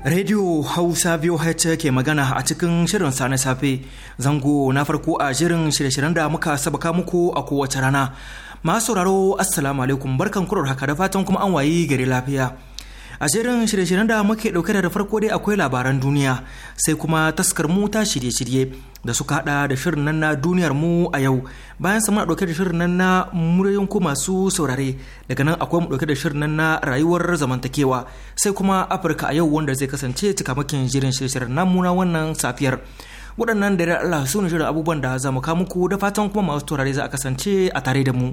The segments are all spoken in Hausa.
Radio Hausa VOH ke magana a cikin shirin sa na safe zango na farko a shirin shirye-shiryen da muka sabaka muku a kowace rana. Masu sauraro Assalamu alaikum barkan kurar haka da fatan kuma an wayi gari lafiya. a shirin shirye-shiryen da muke dauke da farko dai akwai labaran duniya sai kuma taskar mu ta shirye-shirye da suka hada da shirin nan na duniyar mu a yau bayan sa muna dauke da shirin nan na muryoyin ku masu saurare daga nan akwai mu dauke da shirin nan na rayuwar zamantakewa sai kuma afirka a yau wanda zai kasance cikamakin jirin shirye-shiryen namu na wannan safiyar waɗannan da Allah su ne shirin abubuwan da za mu muku da fatan kuma masu taurare za a kasance a tare da mu.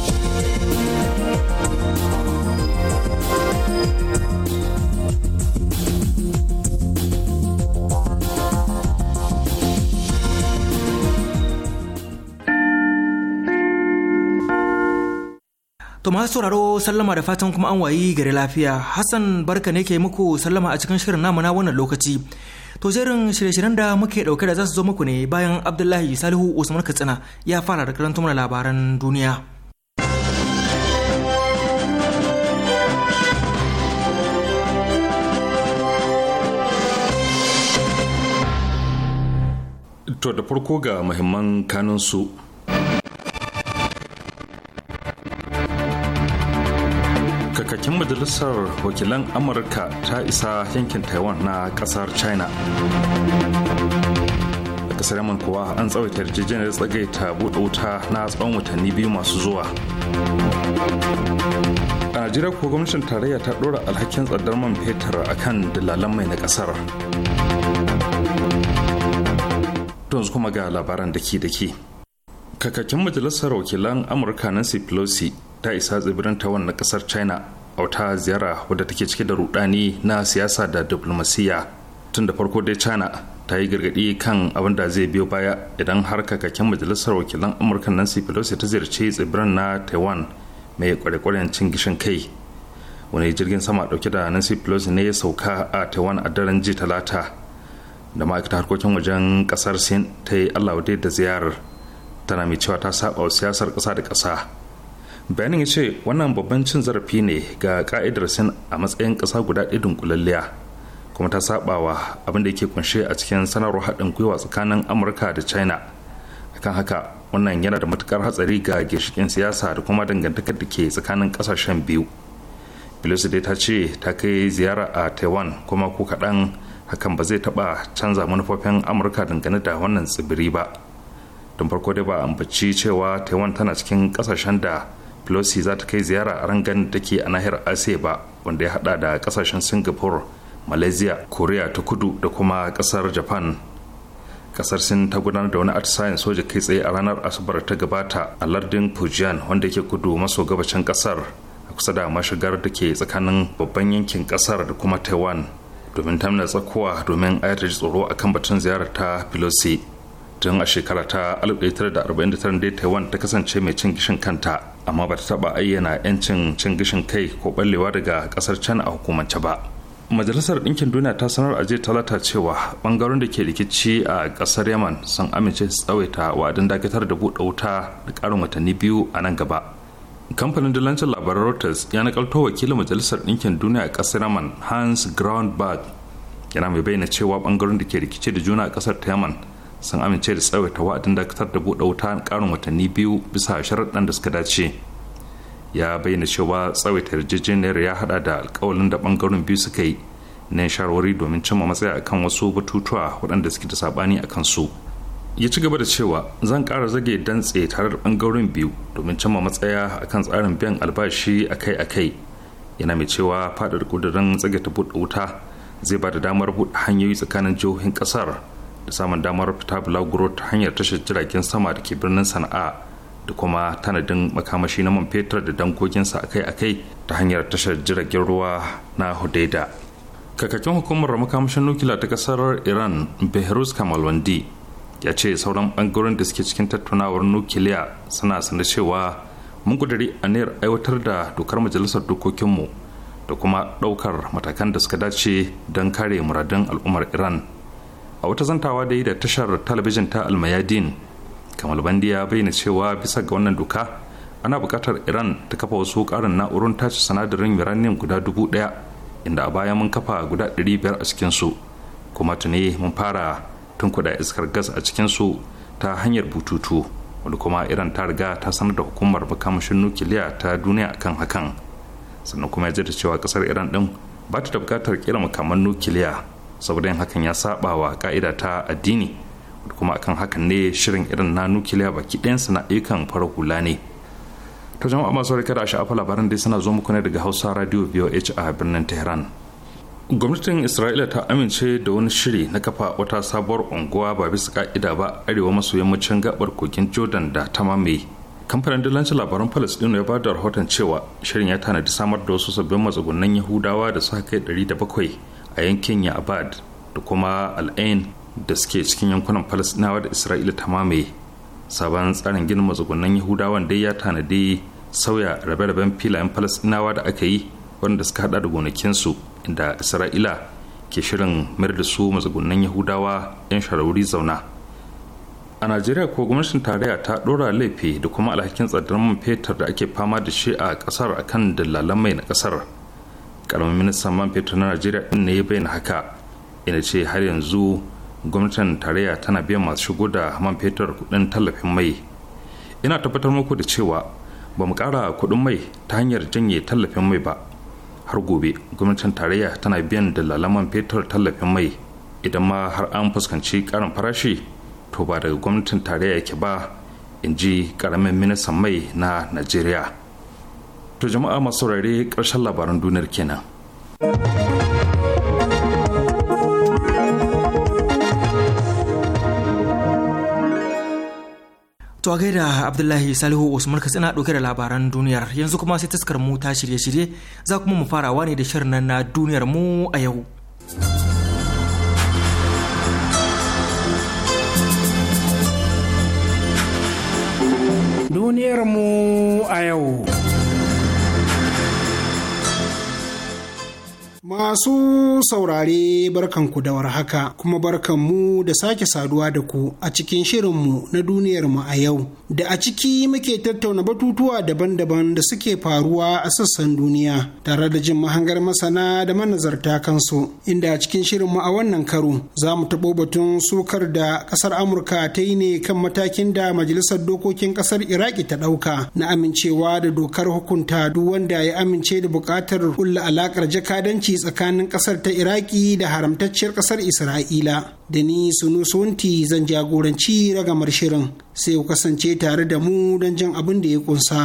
To masu sauraro sallama da fatan kuma an wayi gari lafiya. Hassan barka ne ke muku sallama a cikin shirin namu na wannan lokaci. To jerin shirye-shiryen da muke dauke da zasu zo muku ne bayan Abdullahi Salihu Usman Katsina ya fara da karanta mana labaran duniya. To da farko ga muhimman kanunsu. majalisar wakilan amurka ta isa yankin taiwan na kasar china a kasar yaman kuwa an tsawaita yarjejeniyar tsagaita buɗe wuta na tsawon watanni biyu masu zuwa a najeriya ko gwamnatin tarayya ta ɗora alhakin tsadar man fetur akan dalalan mai na kasar yanzu kuma ga labaran da ke da ke kakakin majalisar wakilan amurka nancy pelosi ta isa tsibirin taiwan na kasar china wata ziyara wadda take cike da rudani na siyasa da diplomasiya tun da farko dai china ta yi gargadi kan abin da zai biyo baya idan har kakakin majalisar wakilan amurka nancy pelosi ta ziyarci tsibirin na taiwan mai kwarekwaren cin gishin kai wani jirgin sama dauke da nancy pelosi ne ya sauka a taiwan a daren ji talata da ma'aikata harkokin wajen kasar sin ta yi allah da ziyarar tana mai cewa ta saba siyasar kasa da kasa bayanin ya ce wannan babban cin zarafi ne ga ka'idar sin a matsayin ƙasa guda ɗaya dunkulalliya kuma ta sabawa abin da yake kunshe a cikin sanarwar haɗin gwiwa tsakanin amurka da china akan haka wannan yana da matukar hatsari ga ginshikin siyasa da kuma dangantakar da ke tsakanin ƙasashen biyu pelosi dai ta ce ta kai ziyara a taiwan kuma ko kaɗan hakan ba zai taɓa canza manufofin amurka dangane da wannan tsibiri ba don farko dai ba ambaci cewa taiwan tana cikin ƙasashen da pelosi za ta kai ziyara a rangan da take a nahiyar asiya ba wanda ya hada da kasashen singapore malaysia korea ta kudu da kuma kasar japan kasar sin ta gudanar da wani atisayen soja kai tsaye a ranar asabar ta gabata a lardin fujian wanda yake kudu maso gabashin kasar a kusa da mashigar da ke tsakanin babban yankin kasar da kuma taiwan domin tamin'a tsakuwa domin ayata tsoro kan batun ziyarar ta pelosi tun a shekara ta 1949 taiwan ta kasance mai cin gishin kanta amma ba ta taba ayyana 'yancin cin gishin kai ko ballewa daga kasar can a hukumance ba majalisar ɗinkin duniya ta sanar a talata cewa bangaren da ke rikici a ƙasar yaman sun amince su tsawaita wadin dakatar da buɗe wuta da ƙarin watanni biyu a nan gaba kamfanin dalancin labaran reuters ya nakalto wakilin majalisar ɗinkin duniya a ƙasar yaman hans groundberg yana mai bayyana cewa bangaren da ke rikici da juna a ƙasar ta yaman sun amince da tsawaita wa'adin dakatar da buɗe wuta karin watanni biyu bisa sharaɗin da suka dace ya bayyana cewa tsawaita yarjejeniyar ya haɗa da alkawalin da bangaren biyu suka yi na shawarwari domin cimma matsaya akan wasu batutuwa waɗanda suke da saɓani a kansu ya ci gaba da cewa zan ƙara zage dantse tare da ɓangaren biyu domin cimma matsaya akan tsarin biyan albashi akai-akai yana mai cewa faɗaɗa ƙudurin tsage ta buɗe wuta zai ba da damar buɗe hanyoyi tsakanin jihohin ƙasar da samun damar fita bulaguro ta hanyar tashar jiragen sama da ke birnin sana'a da kuma tanadin makamashi na man fetur da dangoginsa akai-akai ta hanyar tashar jiragen ruwa na hudaida kakakin hukumar makamashin nukila ta kasar iran behrus kamalwandi ya ce sauran bangaren da suke cikin tattaunawar nukiliya suna sanar cewa mun kudiri aniyar aiwatar da dokar majalisar dokokinmu da kuma daukar matakan da suka dace don kare muradun al'ummar iran a wata zantawa da yi da tashar talabijin ta almayadin kamal bandi ya bayyana cewa bisa ga wannan doka ana bukatar iran ta kafa wasu karin na'urun tace sanadarin uranium guda dubu ɗaya inda a baya mun kafa guda ɗari biyar a cikinsu kuma tuni mun fara tunkuɗa iskar gas a cikinsu ta hanyar bututu wani kuma iran ta riga ta sanar da hukumar makamashin nukiliya ta duniya akan hakan sannan kuma ya da cewa kasar iran din ba ta da bukatar kira makaman nukiliya saboda yin hakan ya sabawa wa ka'ida ta addini kuma akan hakan ne shirin irin na nukiliya baki ɗayansa na ayyukan farar hula ne ta jama'a masu rika da sha'afa labaran dai suna zo muku ne daga hausa radio voh a birnin tehran gwamnatin isra'ila ta amince da wani shiri na kafa wata sabuwar unguwa ba bisa ka'ida ba arewa maso yammacin gabar kogin jordan da ta mamaye kamfanin dillancin labaran palestine ya bada rahoton cewa shirin ya tanadi samar da wasu sabbin matsugunan yahudawa da suka kai bakwai. a yankin ya'abad da kuma al'ain da suke cikin yankunan falasinawa da isra'ila ta mamaye sabon tsarin ginin matsugunan yahudawan dai ya tanadi sauya rabe-raben filayen falasinawa da aka yi wanda suka hada da gonakinsu inda isra'ila ke shirin mayar da su matsugunan yahudawa 'yan sharauri zauna a najeriya ko gwamnatin tarayya ta dora laifi da kuma alhakin tsadar man fetur da ake fama da shi a kasar akan dalalan mai na kasar karamin ministan man fetur na najeriya din ne ya bayyana haka ina ce har yanzu gwamnatin tarayya tana biyan masu shigo da man fetur kudin tallafin mai ina tabbatar muku da cewa ba mu kara kudin mai ta hanyar janye tallafin mai ba har gobe gwamnatin tarayya tana biyan dalalan man fetur tallafin mai idan ma har an fuskanci karin farashi to ba daga gwamnatin tarayya yake ba in ji karamin ministan mai na najeriya to jama'a masu saurare ƙarshen labaran duniyar kenan. To a gaida Abdullahi Salihu Usman Katsina ɗauke da labaran duniyar yanzu kuma sai taskar mu ta shirye-shirye za kuma mu farawa ne da shirin nan na duniyar mu a yau. Duniyar mu a yau. Masu saurare barkanku da warhaka kuma barkanmu da sake saduwa da ku a cikin shirinmu na duniyarmu a yau da a ciki muke tattauna batutuwa daban-daban da suke faruwa a sassan duniya tare da jin mahangar masana da manazarta kansu inda a cikin shirinmu a wannan karo za mu taɓo batun sukar da ƙasar Amurka ta yi ne kan matakin da Majalisar Dokokin ƙasar Iraki ta ɗauka na amincewa da dokar hukunta duk wanda ya amince da buƙatar kulla alaƙar jakadanci tsakanin kasar ta iraki da haramtacciyar kasar isra'ila da ni sunu sunti zan jagoranci ragamar shirin sai ku kasance tare da mu don jan abin da ya kunsa.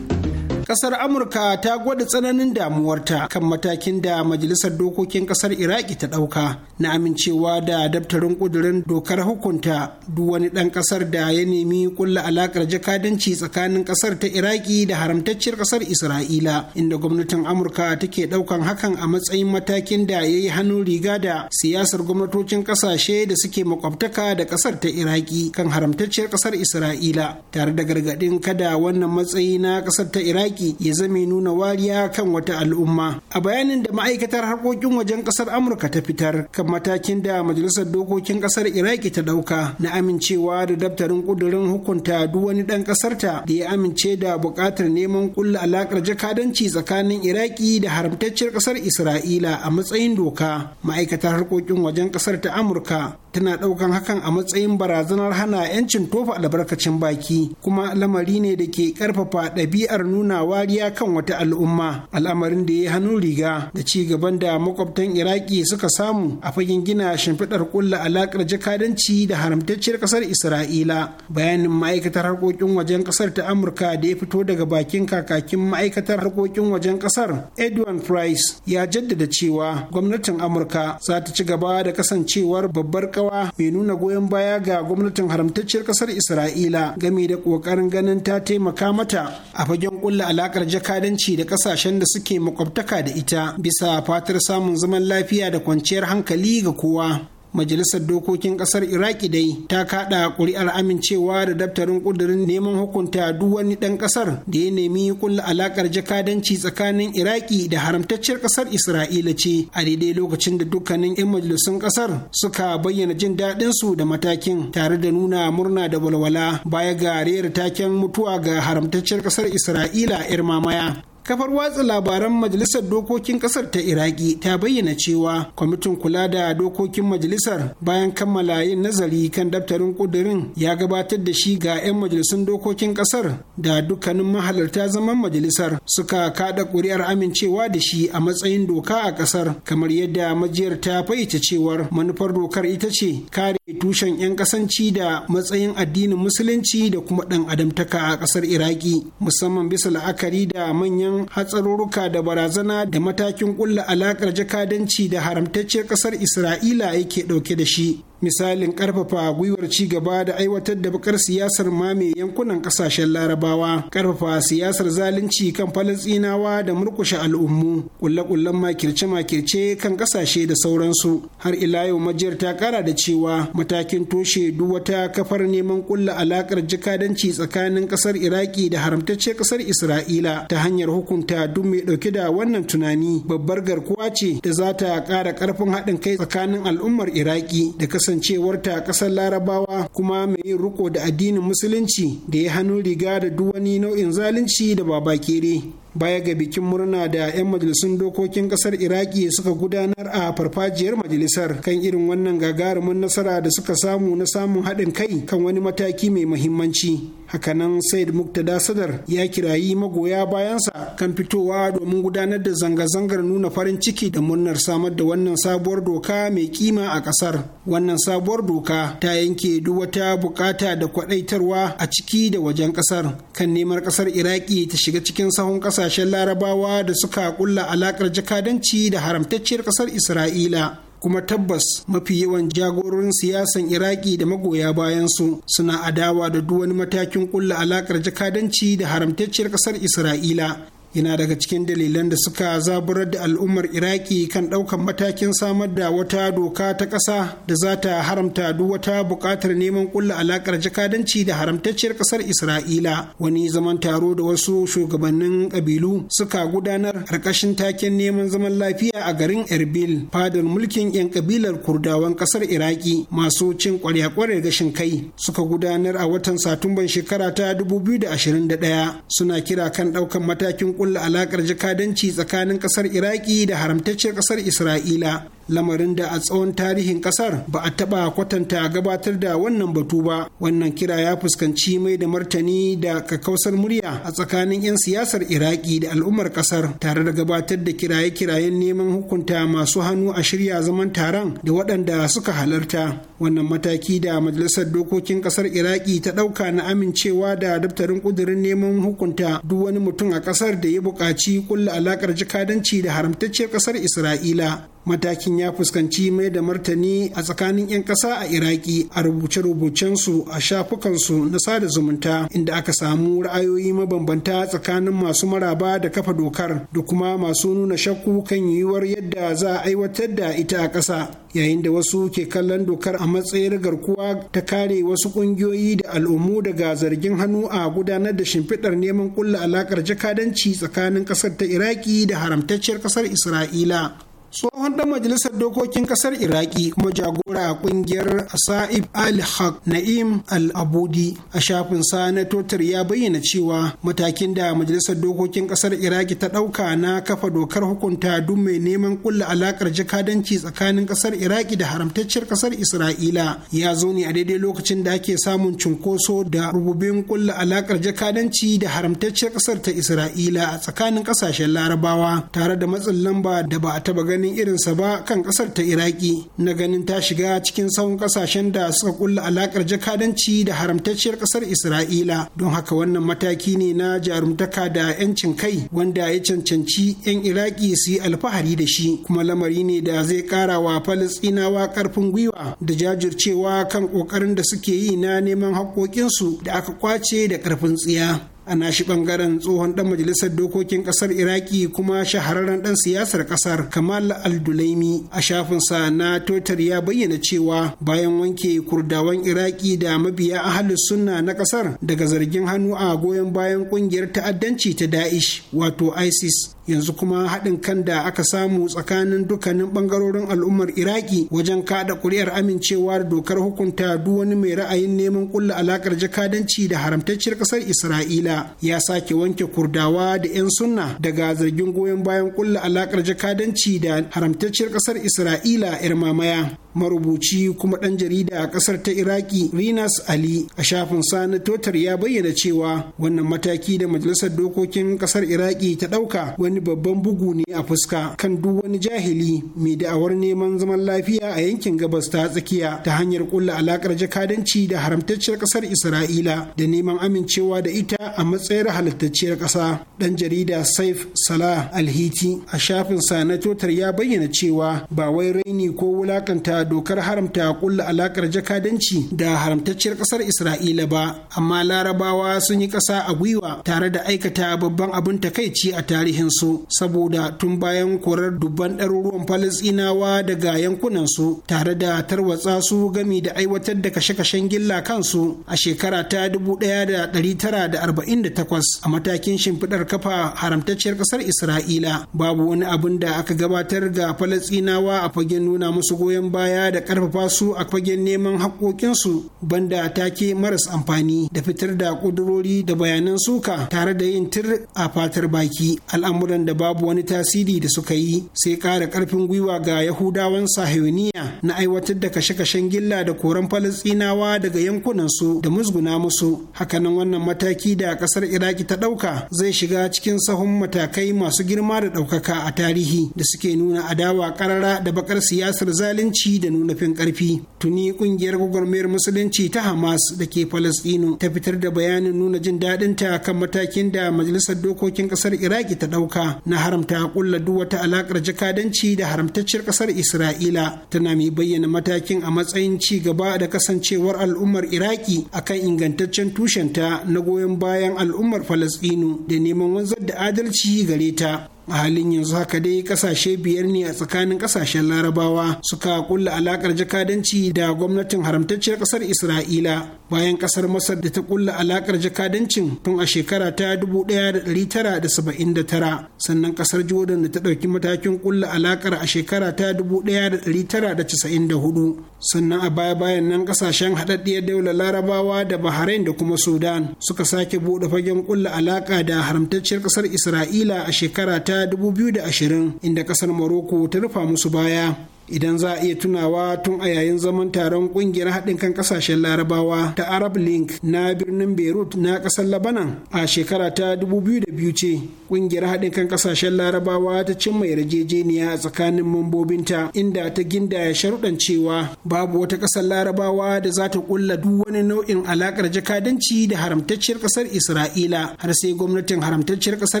kasar amurka ta gwada tsananin damuwarta kan matakin da majalisar dokokin kasar iraki ta ɗauka na amincewa da daftarin ƙudurin dokar hukunta duk wani ɗan kasar da ya nemi kulla alakar jakadanci tsakanin kasar ta iraki da haramtacciyar kasar isra'ila inda gwamnatin amurka take ɗaukan hakan a matsayin matakin da ya yi hannun riga da siyasar gwamnatocin ƙasashe da suke makwabtaka da kasar ta iraki kan haramtacciyar kasar isra'ila tare da gargaɗin kada wannan matsayi na kasar ta iraki yaƙi ya zame nuna wariya kan wata al'umma a bayanin da ma'aikatar harkokin wajen ƙasar amurka ta fitar kan matakin da majalisar dokokin ƙasar iraki ta ɗauka na amincewa da daftarin ƙudurin hukunta duk wani ɗan ƙasarta da ya amince da buƙatar neman ƙulla alaƙar jakadanci tsakanin iraki da haramtacciyar ƙasar isra'ila a matsayin doka ma'aikatar harkokin wajen ƙasar ta amurka tana ɗaukan hakan a matsayin barazanar hana 'yancin tofa albarkacin baki kuma lamari ne da ke ƙarfafa ɗabi'ar nuna wariya kan wata al'umma al'amarin da ya yi hannu riga da ci gaban da makwabtan iraki suka samu a fagen gina shimfiɗar ƙulla alaƙar jakadanci da haramtacciyar ƙasar isra'ila bayanin ma'aikatar harkokin wajen ƙasar ta amurka da ya fito daga bakin kakakin ma'aikatar harkokin wajen ƙasar edwin price ya jaddada cewa gwamnatin amurka za ta ci gaba da kasancewar babbar talakawa mai nuna goyon baya ga gwamnatin haramtacciyar kasar isra'ila game da kokarin ganin ta taimaka mata a fagen kulla alakar jakadanci da kasashen da suke makwabtaka da ita bisa fatar samun zaman lafiya da kwanciyar hankali ga kowa Majalisar Dokokin Ƙasar Iraki dai ta kaɗa ƙuri'ar amincewa da daftarin ƙudurin neman hukunta duk wani ɗan ƙasar da ya nemi ƙulla alakar jakadanci tsakanin Iraki da haramtacciyar ƙasar Isra'ila ce a daidai lokacin da dukkanin 'yan majalisun ƙasar suka bayyana jin daɗin su da matakin tare da nuna murna da walwala baya ga rera taken mutuwa ga haramtacciyar ƙasar Isra'ila 'yar mamaya. kafar watsa labaran majalisar dokokin kasar ta iraki ta bayyana cewa kwamitin kula da dokokin majalisar bayan kammala yin nazari kan daftarin kudirin ya gabatar da shi ga 'yan majalisun dokokin kasar da dukkanin mahalarta zaman majalisar suka kada kuri'ar amincewa da shi a matsayin doka a kasar kamar yadda majiyar ta fayyace cewar manufar dokar ita ce kare tushen 'yan kasanci da matsayin addinin musulunci da kuma ɗan adamtaka a kasar iraki musamman bisa la'akari da manyan hatsarurruka da barazana da matakin kulla alakar jakadanci da haramtacciyar kasar Isra'ila yake dauke da shi misalin karfafa gwiwar ci gaba da aiwatar da bakar siyasar mame yankunan kasashen larabawa karfafa siyasar zalunci kan falastinawa da murkushe al'ummu kulle-kullen makirce-makirce kan kasashe da sauransu har ila yau majiyar ta kara da cewa matakin toshe duk wata kafar neman kulla alakar jakadanci tsakanin kasar iraki da haramtacce kasar isra'ila ta hanyar hukunta duk mai dauke da wannan tunani babbar garkuwa ce da za ta kara karfin haɗin kai tsakanin al'ummar iraki da kasar kasancewarta ƙasar larabawa kuma mai yin riko da addinin musulunci da ya hannun riga da duk wani nau'in zalunci da babakere baya ga bikin murna da 'yan majalisun dokokin kasar iraki suka gudanar a farfajiyar majalisar kan irin wannan gagarumin nasara da suka samu na samun haɗin kai kan wani mataki mai muhimmanci. hakanan said muktada sadar ya kirayi magoya bayansa kan fitowa domin gudanar da zanga-zangar nuna farin ciki da murnar samar da wannan sabuwar doka mai kima a kasar wannan sabuwar doka ta yanke duk wata bukata da kwadaitarwa a ciki da wajen kasar kan neman kasar iraki ta shiga cikin sahun kasashen larabawa da suka kulla alakar jakadanci da haramtacciyar kasar isra'ila kuma tabbas mafi yawan jagororin siyasan iraki da magoya bayansu suna adawa da duk wani matakin kulla alakar jakadanci da haramtacciyar kasar isra'ila yana daga cikin dalilan da suka zaburar da al'ummar iraki kan ɗaukar matakin samar da wata doka ta ƙasa da za ta haramta duk wata buƙatar neman ƙulla alaƙar jakadanci da haramtacciyar ƙasar isra'ila wani zaman taro da wasu shugabannin ƙabilu suka gudanar ƙarƙashin taken neman zaman lafiya a garin erbil fadar mulkin 'yan ƙabilar kurdawan ƙasar iraki masu cin ƙwarya ƙwarya gashin kai suka gudanar a watan satumban shekara ta 2021 suna kira kan ɗaukar matakin kulla alakar jakadanci tsakanin kasar iraki da haramtacciyar kasar isra'ila lamarin da a tsawon tarihin kasar ba a taɓa kwatanta gabatar da wannan batu ba wannan kira ya fuskanci mai da martani da kakausar murya a tsakanin 'yan siyasar iraki da al'ummar kasar tare da gabatar da kiraye-kirayen neman hukunta masu hannu a shirya zaman taron da waɗanda suka halarta wannan mataki da majalisar dokokin kasar iraki ta ɗauka na amincewa da daftarin ƙudurin neman hukunta duk wani mutum a kasar da ya buƙaci kulla alaƙar jikadanci da haramtacciyar kasar isra'ila matakin ya fuskanci mai da martani a tsakanin 'yan ƙasa a iraki a rubuce-rubucensu a shafukansu na sada zumunta inda aka samu ra'ayoyi mabambanta tsakanin masu maraba da kafa dokar da kuma masu nuna shakku kan yiwuwar yadda za a aiwatar da ita a ƙasa yayin da wasu ke kallon dokar a matsayin garkuwa ta kare wasu ƙungiyoyi da al'ummu daga zargin hannu a gudanar da shimfiɗar neman ƙulla alaƙar jakadanci tsakanin ƙasar ta iraki da haramtacciyar ƙasar isra'ila tsohon dan majalisar dokokin kasar iraki kuma jagora a kungiyar sa'ib al haq na'im al abudi a shafin sa na totar ya bayyana cewa matakin da majalisar dokokin kasar iraki ta dauka na kafa dokar hukunta duk mai neman kulla alakar jakadanci tsakanin kasar iraki da haramtacciyar kasar isra'ila ya zo ne a daidai lokacin da ake samun cunkoso da rububin kulla alakar jakadanci da haramtacciyar kasar ta isra'ila a tsakanin kasashen larabawa tare da matsin lamba da ba a taba gani ganin irinsa ba kan ƙasar ta iraki na ganin ta shiga cikin tsawon ƙasashen da suka kulla alakar jakadanci da haramtacciyar ƙasar isra'ila don haka wannan mataki ne na jarumtaka da yancin kai wanda ya cancanci 'yan iraki su yi alfahari da shi kuma lamari ne da zai ƙara wa falastinawa ƙarfin gwiwa da jajircewa kan ƙoƙarin da suke yi na neman haƙoƙinsu da aka kwace da ƙarfin tsiya a nashi bangaren tsohon dan majalisar dokokin kasar iraki kuma shahararren dan siyasar kasar kamal aldulaimi a shafinsa na totar ya bayyana cewa bayan wanke kurdawan iraki da mabiya ahalus sunna na kasar daga zargin hannu a goyon bayan kungiyar ta'addanci ta da'ish wato isis yanzu kuma haɗin kan da aka samu tsakanin dukkanin ɓangarorin al'ummar iraki wajen kaɗa ƙuri'ar amincewa da dokar hukunta duk wani mai ra'ayin neman ƙulla alaƙar jakadanci da haramtacciyar ƙasar isra'ila ya sake wanke kurdawa da 'yan sunna daga zargin goyon bayan ƙulla alaƙar jakadanci da haramtacciyar ƙasar isra'ila 'yar mamaya marubuci kuma ɗan jarida a ƙasar ta iraki rinas ali a shafin sa na totar ya bayyana cewa wannan mataki da majalisar dokokin ƙasar iraki ta ɗauka wani wani babban bugu ne a fuska kan duk wani jahili mai da'awar neman zaman lafiya a yankin gabas ta tsakiya ta hanyar kulla alakar jakadanci da haramtacciyar kasar isra'ila da neman amincewa da ita a matsayin halittacciyar kasa dan jarida saif salah alhiti a shafin sa na totar ya bayyana cewa ba wai raini ko wulakanta dokar haramta kulla alakar jakadanci da haramtacciyar kasar isra'ila ba amma larabawa sun yi kasa a gwiwa tare da aikata babban abin takaici a tarihin su su saboda tun bayan korar dubban ɗaruruwan falisinawa daga yankunansu tare da tarwatsa su gami da aiwatar da kashe-kashen gilla kansu a shekara ta 1948 a matakin shimfiɗar kafa haramtacciyar ƙasar Isra'ila babu wani abin da aka gabatar ga Falasɗinawa a fagen nuna musu goyon baya da ƙarfafa su a fagen neman haƙoƙinsu banda take maras amfani da fitar da ƙudurori da bayanan suka tare da yin tir a fatar baki al'amuran waɗanda babu wani tasiri da suka yi sai ƙara ƙarfin gwiwa ga yahudawan sahiyoniya na aiwatar da kashe-kashen gilla da koran falastinawa daga yankunansu da musguna musu hakanan wannan mataki da ƙasar iraki ta ɗauka zai shiga cikin sahun matakai masu girma da ɗaukaka a tarihi da suke nuna adawa ƙarara da baƙar siyasar zalunci da nuna fin ƙarfi tuni kungiyar gwagwarmayar musulunci ta hamas da ke palestino ta fitar da bayanin nuna jin daɗin kan matakin da majalisar dokokin ƙasar iraki ta ɗauka na haramta kulla duk wata alaƙar jakadanci da haramtacciyar ƙasar isra'ila tana mai bayyana matakin a matsayin ci gaba da kasancewar al'ummar iraki akan ingantaccen tushenta na goyon bayan al'ummar palestino da neman wanzar da adalci gare ta a halin yanzu haka dai kasashe biyar ne a tsakanin kasashen larabawa suka kulla alakar jakadanci da gwamnatin haramtacciyar kasar isra'ila bayan kasar masar da ta kulla alakar jakadancin tun a shekara ta 1979 sannan kasar jordan da ta ɗauki matakin kulla alakar a shekara ta 1994 sannan a baya bayan nan kasashen haɗaɗɗiyar daular larabawa da bahrain da kuma sudan suka sake buɗe fagen kulla alaka da haramtacciyar kasar isra'ila a shekara ta da 2020 inda kasar Morocco ta rufa musu baya. idan za a iya tunawa tun a yayin zaman taron kungiyar haɗin kan ƙasashen larabawa ta arab link na birnin beirut na ƙasar labanan a shekara ta 2002 ce kungiyar haɗin kan ƙasashen larabawa ta cimma yarjejeniya a tsakanin mambobinta inda ta gindaya sharuɗan cewa babu wata ƙasar larabawa da za ta ƙulla duk wani nau'in alaƙar jakadanci da haramtacciyar ƙasar isra'ila har sai gwamnatin haramtacciyar ƙasar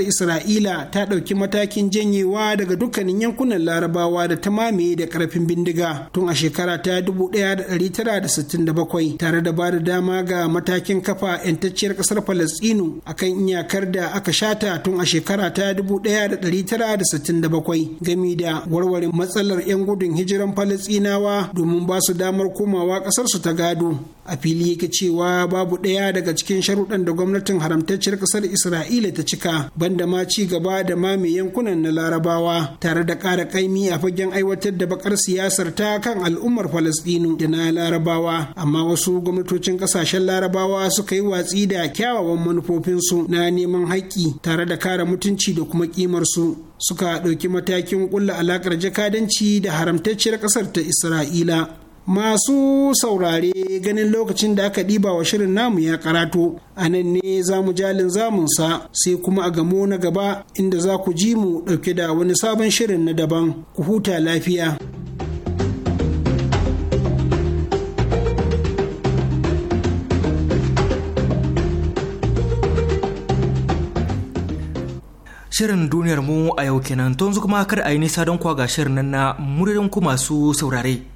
isra'ila ta ɗauki matakin janyewa daga dukkanin yankunan larabawa da ta mame da karfin bindiga tun a shekara ta 1967 tare da ba da dama ga matakin kafa 'yantacciyar kasar a akan iyakar da aka shata tun a shekara ta 1967 gami da warware matsalar 'yan gudun hijiran palestinawa domin ba su damar komawa kasarsu ta gado. a fili yake cewa babu ɗaya daga cikin sharuɗan da gwamnatin haramtacciyar ƙasar isra'ila ta cika banda ma ci gaba da mame yankunan na larabawa tare da ƙara ƙaimi a fagen aiwatar da bakar siyasar ta kan al'ummar falastinu da na larabawa amma wasu gwamnatocin ƙasashen larabawa suka yi watsi da kyawawan manufofinsu na neman haƙƙi tare da kare mutunci da kuma ƙimarsu suka ɗauki matakin ƙulla alaƙar jakadanci da haramtacciyar ƙasar ta isra'ila Masu saurare ganin lokacin da aka ɗiba wa shirin namu ya karatu a nan ne za mu jalin zamunsa sai kuma a gamo na gaba inda za ku ji mu ɗauke da wani sabon shirin na daban ku huta lafiya. Shirin duniyar mu a yau kenan, tun kuma kar a yi nisa don kwa ga shirin nan na muririn masu saurare.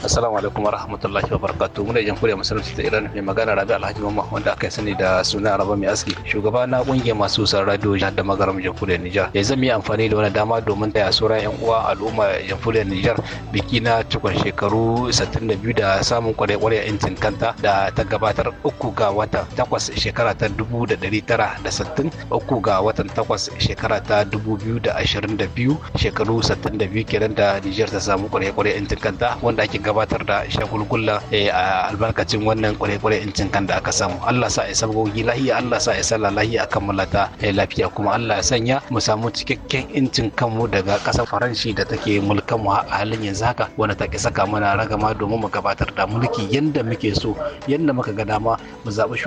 Assalamu alaikum warahmatullahi wabarakatuh. Muna jamhuriyar masarauci ta Iran mai magana Rabi Alhaji Mamman wanda aka sani da suna Rabi Mai Aski. Shugaba na kungiyar masu san radio jihar da magaram jamhuriyar Nijar. Ya zama yi amfani da wani dama domin taya sauran yan uwa al'umma jamhuriyar Nijar biki na cikon shekaru 62 da samun kwarai-kwarai intin kanta da ta gabatar uku ga watan takwas shekara ta 1960 uku ga watan takwas shekara ta 2022 shekaru 62 kenan da Nijar ta samu kwarai-kwarai intin kanta wanda ake gabatar da shagulgulla eh, a albarkacin wannan kware-kware incin kan da aka samu Allah sa ya sabgogi lahiya Allah sa ya sallah lahiya akan mulata eh, lafiya kuma Allah ya sanya mu samu cikakken incin kanmu daga ƙasar Faranshi da take mulkan mu a halin yanzu haka wanda take saka mana ragama domin mu gabatar da mulki yanda muke so yanda muka ga dama mu zaɓi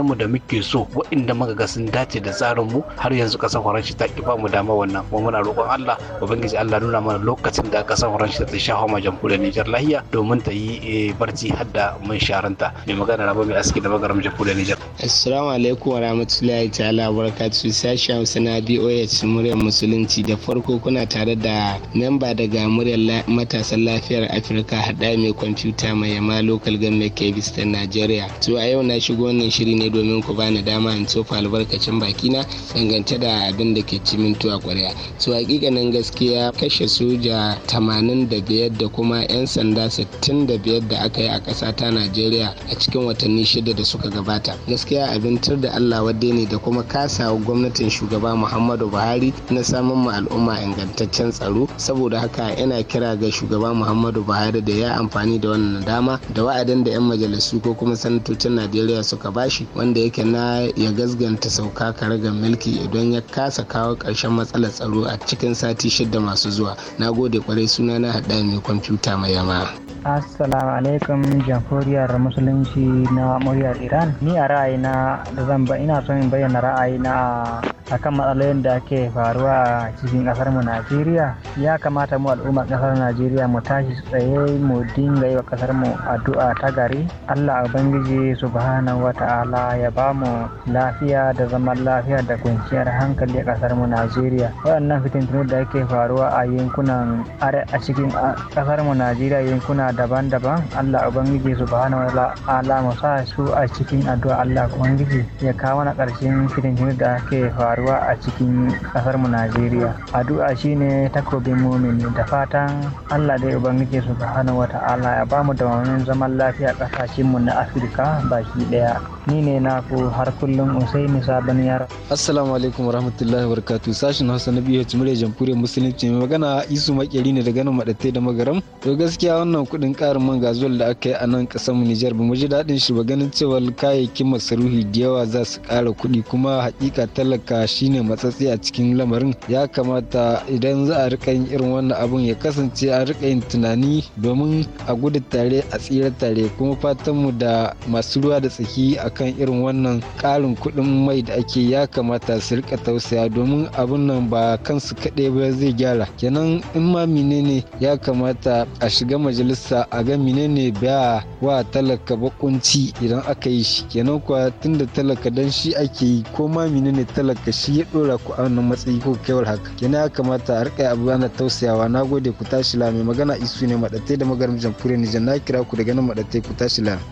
mu da muke so waɗanda muka ga sun dace da tsarin mu har yanzu ƙasar Faranshi ta kifa mu dama wannan kuma muna roƙon Allah ubangiji Allah nuna mana lokacin da ƙasar Faranshi ta shaho ma Nijar lahiya domin ta yi eh, barci har da man sharanta mai magana rabo mai aski da magaram da Nijar. Assalamu alaikum wa rahmatullahi ta'ala wa su sashi Hausa na BOH muryar musulunci da farko kuna tare da memba daga muryar matasan lafiyar Afirka hada mai kwamfuta mai yama local government kebis ta nigeria. To a yau na shigo wannan shiri ne domin ku bani dama in tofa albarkacin bakina dangance da abin da ke cimin tuwa kwarya. To hakikanin gaskiya kashe soja 85 da kuma 'yan sanda 65 da aka yi a ƙasa ta najeriya a cikin watanni shida da suka gabata gaskiya abintar da allah wadde ne da kuma kasawa gwamnatin shugaba muhammadu buhari na samun ma al'umma ingantaccen tsaro saboda haka yana kira ga shugaba muhammadu buhari da ya amfani da wannan dama da wa'adin da 'yan majalisu ko kuma sanatocin najeriya suka bashi wanda yake na ya gasganta sauka raga milki idan ya kasa kawo karshen matsalar tsaro a cikin sati shida masu zuwa na gode kwarai suna na haɗa mai kwamfuta mai yama Assalamu alaikum jamhuriyar musulunci na muryar Iran. Ni a ra'ayina da zan ba ina son bayyana ra'ayina akan matsalolin da ke faruwa a cikin kasar mu Najeriya ya kamata mu al'umma kasar Najeriya mu tashi tsaye mu dinga yi wa kasar mu addu'a ta gari Allah ubangiji subhanahu wata'ala ya ba mu lafiya da zaman lafiya da kwanciyar hankali a kasar mu Najeriya waɗannan fitintunu da ke faruwa a yankunan a cikin kasar mu Najeriya yankuna daban-daban Allah ubangiji subhanahu wata'ala mu sa su a cikin addu'a Allah ubangiji ya kawo na ƙarshen fitintunu da ke faruwa faruwa a cikin kasar mu Najeriya. Addu'a shine takobin mumini da fatan Allah dai Ubangiji subhanahu wata'ala ya bamu da zaman lafiya kasashen mu na Afirka baki ɗaya. ni ne naku har kullum usaini sabon yara assalamu alaikum warahmatullahi wabarakatuh sashin hausa na biyu murya jamhuriyar musulunci mai magana isu makeri ne daga nan madatai da magaram to gaskiya wannan kudin karin man gazuwal da aka yi a nan kasar Nijar ba mu ji daɗin shi ba ganin cewa kayayyakin masaruhi da yawa za su ƙara kuɗi kuma hakika talaka shine matsatsi a cikin lamarin ya kamata idan za a rika yin irin wannan abun ya kasance a rika yin tunani domin a gudu tare a tsira tare kuma fatanmu da masu ruwa da tsaki a kan irin wannan karin kuɗin mai da ake ya kamata su rika tausaya domin abin nan ba kansu kaɗai ba zai gyara kenan in ma menene ya kamata a shiga majalisa a ga menene ba wa talaka bakunci idan aka yi shi kenan kuwa tunda talaka dan shi ake yi ko ma menene talaka shi ya ɗora ku a wannan matsayi ko kaiwar haka kenan ya kamata a rika abu ana tausayawa na gode ku tashi lami magana isu ne maɗatai da magarin jamhuriyar nijar na kira ku daga nan maɗatai ku tashi lami.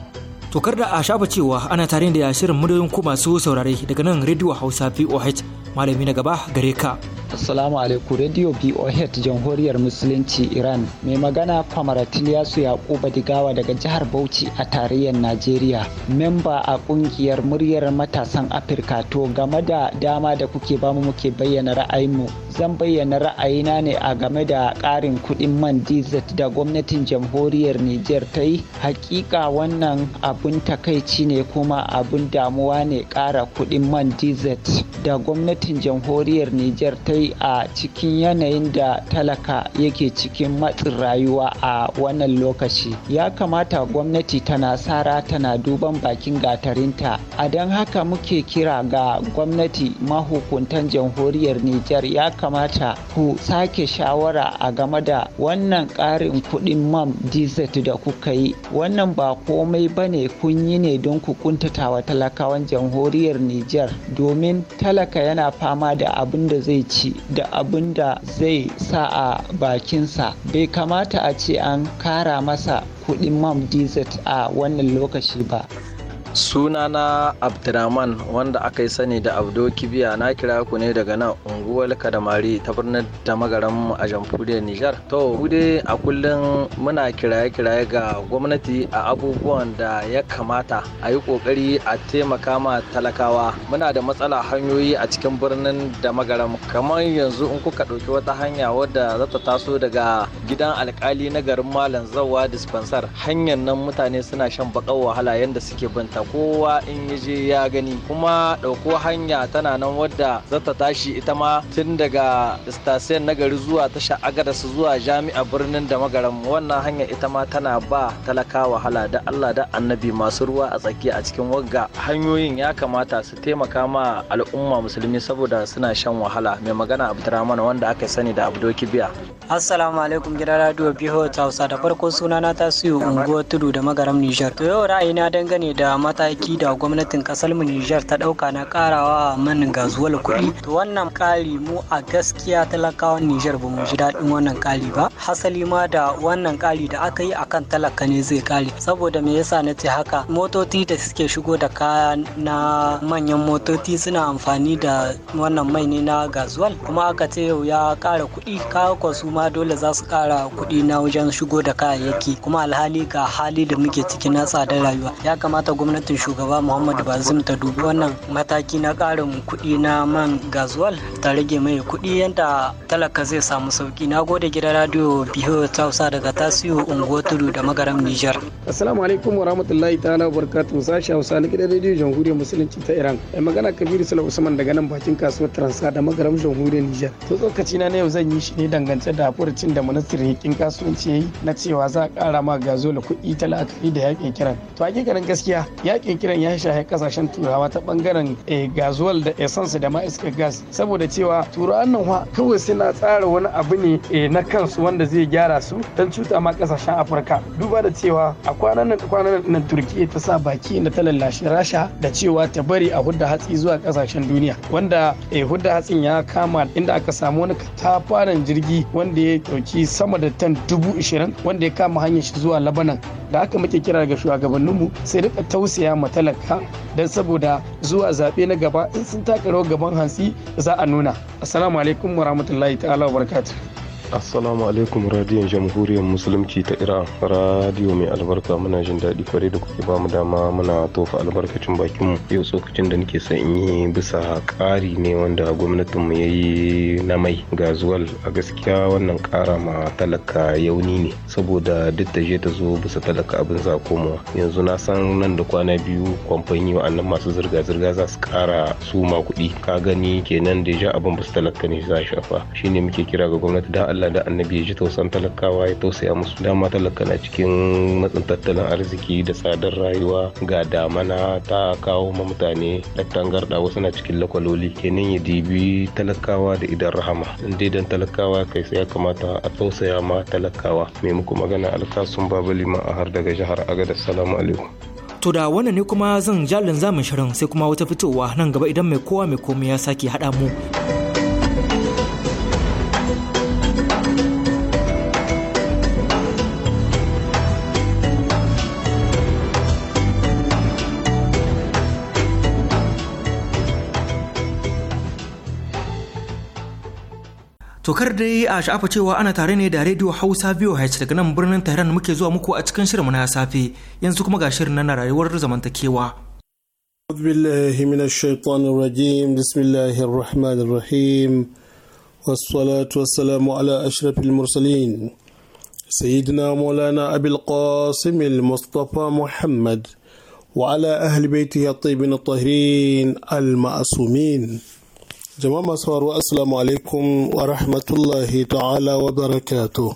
To da a shafa cewa ana tare da shirin muryoyin ku masu saurare daga nan Radio Hausa VOH malami na gaba gare ka. Assalamu alaikum Radio BOHET Jamhuriyar Musulunci Iran. Mai magana ya Yakuba Digawa daga jihar Bauchi a tarayyar Najeriya. Memba a ƙungiyar muryar matasan Afirka to game da dama da kuke bamu muke bayyana ra'ayinmu. Zan bayyana ra'ayina ne a game da ƙarin kuɗin man dizet da gwamnatin jamhuriyar Nijar ta yi. Hakika wannan abun takaici ne kuma abun damuwa ne ƙara kuɗin man dizet da gwamnatin jamhuriyar Nijar ta yi kai a cikin yanayin da talaka yake cikin matsin rayuwa a wannan lokaci ya kamata gwamnati tana sara tana duban bakin gatarinta a don haka muke kira ga gwamnati mahukuntan jamhuriyar nijar ya kamata ku sake shawara a game da wannan ƙarin kuɗin man dizet da kuka yi wannan ba komai ba ne kun yi ne don ku kuntatawa talakawan jamhuriyar nijar domin talaka yana fama da abin da zai ci da abin da zai sa a bakinsa bai kamata a ce an kara masa kuɗin mam dizet a wannan lokaci ba sunana abdurrahman wanda aka yi sani da abdo kibiya na kira ku ne daga nan unguwar kadamari ta birnin damagaram a jamhuriyar nijar to dai a kullum muna kiraye-kiraye ga gwamnati a abubuwan da ya kamata a yi ƙoƙari a taimaka ma talakawa muna da matsala hanyoyi a cikin birnin damagaram kamar yanzu in kuka ɗauki wata hanya wadda za ta taso daga gidan alkali na garin malam zawa dispensar hanyar nan mutane suna shan baƙar wahala yadda suke binta kowa in ya je ya gani kuma ɗauko hanya tana nan wadda zata tashi ita ma tun daga istasiyan na gari zuwa tasha agadas zuwa jami'a birnin da magaran wannan hanya ita ma tana ba talaka wahala da allah da annabi masu ruwa a tsakiya a cikin wagga hanyoyin ya kamata su taimaka ma al'umma musulmi saboda suna shan wahala mai magana abdurrahman wanda aka sani da abdoki biya assalamu alaikum gidan radio biho hausa da farko sunana tasiu unguwar tudu da magaram nijar to yau ra'ayina dangane da mataki da gwamnatin kasar mu Nijar ta dauka na karawa man gazuwal kuɗi to wannan kari mu a gaskiya talakawan Nijar ba mu ji daɗin wannan kari ba hasali ma da wannan kari da aka yi akan talaka ne zai kali saboda me yasa na ce haka motoci da suke shigo da kaya na manyan motoci suna amfani da wannan mai ne na gazuwal kuma aka ce yau ya kara kuɗi kawo su ma dole za su kara kuɗi na wajen shigo da kayayyaki kuma alhali ga hali da muke ciki na tsadar rayuwa ya kamata gwamnati gwamnatin shugaba muhammadu bazim ta dubi wannan mataki na karin kuɗi na man gazuwal ta rage mai kuɗi yadda talaka zai samu sauki na gode gidan radio biyu hausa daga tasiru unguwaturu da magaram nijar assalamu alaikum warahmatullahi ta'ala barkatu sashi hausa na gidan radio jamhuriyar musulunci ta iran ai magana kabiru sula usman daga nan bakin kasuwar transa da magaram jamhuriyar nijar to tsokaci na yau zan yi shi ne dangance da furucin da ministan yakin kasuwanci ya yi na cewa za a kara ma gazuwal kuɗi talaka da yaƙin kiran to hakikanin gaskiya ya yakin kiran ya shahe kasashen turawa ta bangaren eh, gazuwal da essence da ma iskar gas saboda cewa turawan nan wa kawai suna tsara wani abu ne eh, na kansu wanda zai gyara su don cuta ma kasashen afirka duba da cewa a kwanan nan kwanan nan turkiya ta sa baki da ta lallashe rasha da cewa ta bari a hudda hatsi zuwa kasashen duniya wanda eh, hudda hatsin ya kama inda aka samu wani katafaren jirgi wanda ya dauki sama da tan dubu ishirin wanda ya kama hanyar shi zuwa labanan da aka muke kira ga shugabanninmu sai duka tausi siya ma talaka don saboda zuwa zaɓe na gaba in sun taka rawar gaban hantsi za a nuna assalamu alaikum warahmatullahi ta'ala wa barkatu assalamu alaikum radiyon jamhuriyar musulunci ta iran radiyo mai albarka muna jin daɗi kwarai da kuke ba mu dama muna tofa albarkacin bakin mu yau tsokacin da nake son yi bisa ƙari ne wanda gwamnatin mu yi na mai gazuwal a gaskiya wannan ƙara ma talaka yauni ne saboda duk da je ta zo bisa talaka abin za komawa yanzu na san nan da kwana biyu kwamfani wa'annan masu zirga-zirga za su ƙara su ma kuɗi ka gani kenan da ja abin basu talaka ne za shafa shine muke kira ga gwamnati da Allah Allah da annabi ya ji tausan talakawa ya tausaya musu dama talaka na cikin matsin tattalin arziki da tsadar rayuwa ga damana ta kawo ma mutane garɗa wasu na cikin lakwaloli kenan ya dibi talakawa da idan rahama inda dan talakawa kai sai ya kamata a tausaya ma talakawa mai muku magana alkasun babu liman a har daga jihar agada salamu alaikum To da wannan ne kuma zan jalin zamin shirin sai kuma wata fitowa nan gaba idan mai kowa mai komai ya sake haɗa mu. Tokar dai a sha'afa cewa ana tare ne da Radio Hausa VOH daga nan birnin Tehran muke zuwa muku a cikin shirin na safe yanzu kuma ga shirin na rayuwar zamantakewa. أعوذ بالله من الشيطان الرجيم بسم الله الرحمن الرحيم والصلاة والسلام على أشرف المرسلين سيدنا مولانا أبي القاسم المصطفى محمد وعلى أهل بيته الطيبين الطاهرين المعصومين jama'a masu faruwa assalamu alaikum wa rahmatullahi ta'ala wa barakatu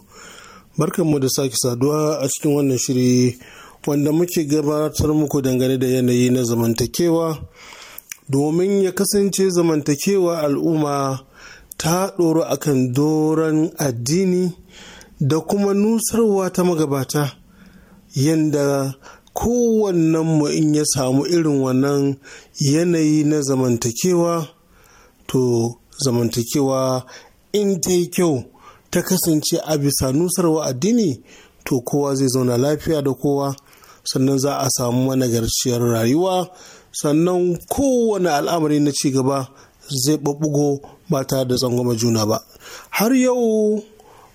barkanmu da sake saduwa a cikin wannan shiri wanda muke gabatar muku dangane da yanayi na zamantakewa domin ya kasance zamantakewa al'umma ta ɗoro akan doron addini da kuma nusarwa ta magabata yanda kowannenmu in ya samu irin wannan yanayi na zamantakewa to zamantakewa in ta yi kyau ta kasance a bisa nusarwa addini to kowa zai zauna lafiya da kowa sannan za a samu managarciyar rayuwa sannan kowane al'amari na ci gaba zai ɓaɓɓugo ba tare da tsangwama juna ba har yau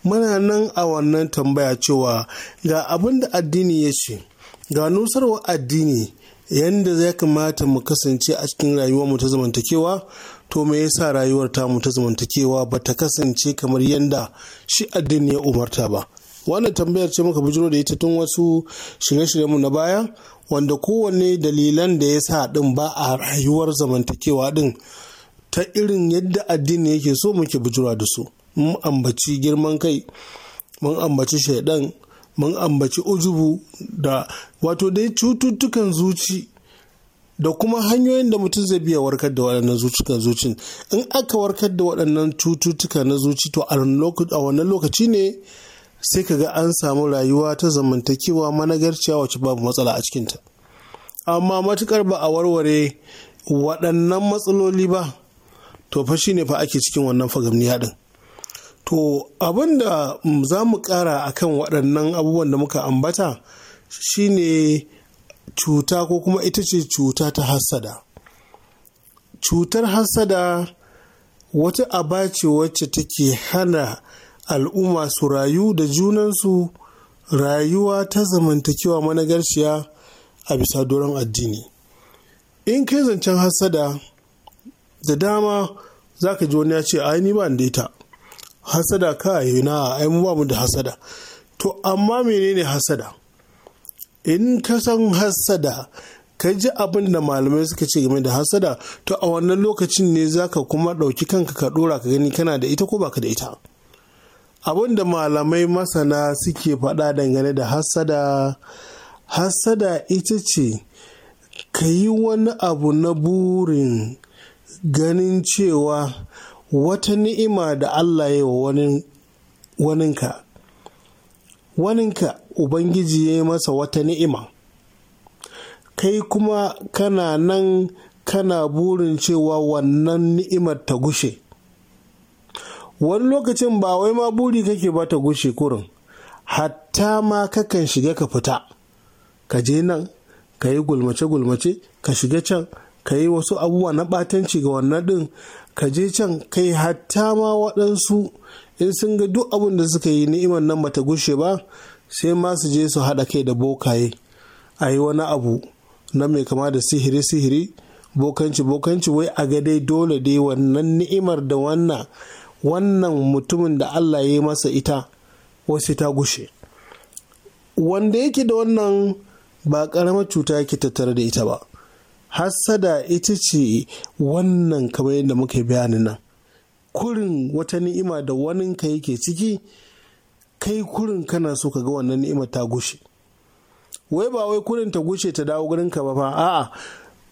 muna nan a wannan tambaya cewa ga abin da addini ya ce ga nusarwa addini yadda zai kamata mu kasance a cikin rayuwar mu ta zamantakewa to me yasa rayuwar tamu ta zamantakewa ba ta kasance kamar yadda shi addini ya umarta ba wannan tambayar ce muka bujiro da ita tun wasu shirye shiryen mu na baya wanda kowanne dalilan da ya sa din ba a rayuwar zamantakewa din ta irin yadda addini yake so muke bujura da su mun ambaci girman kai mun ambaci shaidan mun ambaci ujubu da wato dai cututtukan zuci da kuma hanyoyin da mutum zai biya warkar da waɗannan zuciya zuci in aka warkar da waɗannan cututtuka na zuci to a wannan lokaci ne sai ka ga an samu rayuwa ta zamantakewa managarciya wacce babu matsala a cikinta amma matukar ba a warware waɗannan matsaloli ba to fa shi ne fa ake cikin wannan fagamni yaɗin? to abin da za mu ƙara akan waɗannan abubuwan da muka ambata shine cuta ko kuma ita ce cuta ta hassada cutar hassada wata aba ce wacce take hana al'umma su rayu da junansu rayuwa ta zamantakewa managarciya a bisa doron addini in kai zancen hassada da dama za ka ji wani ya ce ai ni ba da ita hasada ka yi na mu ba mu da hasada to amma menene hassada? in ka san hassada ka ji abin da malamai suka ce game da hassada to a wannan lokacin ne za ka kuma ɗauki kanka ka ɗora ka gani kana da ita ko baka da ita abin da malamai masana suke faɗa dangane da hassada hassada ita ce ka yi wani abu na burin ganin cewa wata ni'ima da allah ya wa waninka waninka ubangiji ya yi masa wata ni'ima kai kuma kana nan kana burin cewa wannan ni'imar ta gushe wani lokacin ba wai ma buri kake ba ta gushe kurin hatta ma kakan shiga ka fita ka je nan ka yi gulmace-gulmace ka shiga can ka yi wasu abubuwa na ɓatanci ga wannan ɗin ka je can kai hatta ma waɗansu in sun ga duk abin da suka yi ni'imar nan bata gushe ba sai ma su je su haɗa kai da bokaye a yi wani abu na mai kama da sihiri sihiri bokanci bokanci wai a ga dai dole dai wannan ni'imar da wannan wannan mutumin da Allah ya yi masa ita wasu ta gushe wanda yake da wannan ba ƙaramar cuta yake tattare da ita ba hassada ita ce wannan kamar yadda muka bayanin nan kurin wata ni'ima da ka yake ciki kai kurin kana so ka ga wannan ni'ima ta gushe wai ba wai kurin ta gushe ta dawo ka ba fa a'a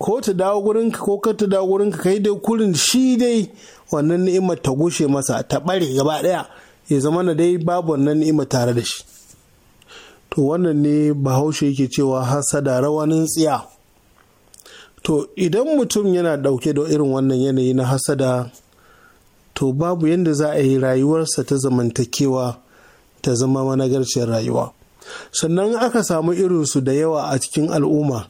ko ta dawo ka, ko ka ta dawo ka, kai dai kurin shi dai wannan ni'ima ta gushe masa ta bare gaba daya ya zama na dai babu wannan ni'ima tare da shi to wannan ne bahaushe yake cewa hasada rawanin tsiya to idan mutum yana dauke da irin wannan yanayi na hasada to babu yadda za a yi rayuwarsa ta zamantakewa ta zama managarciyar rayuwa sannan aka samu irinsu da yawa a cikin al'umma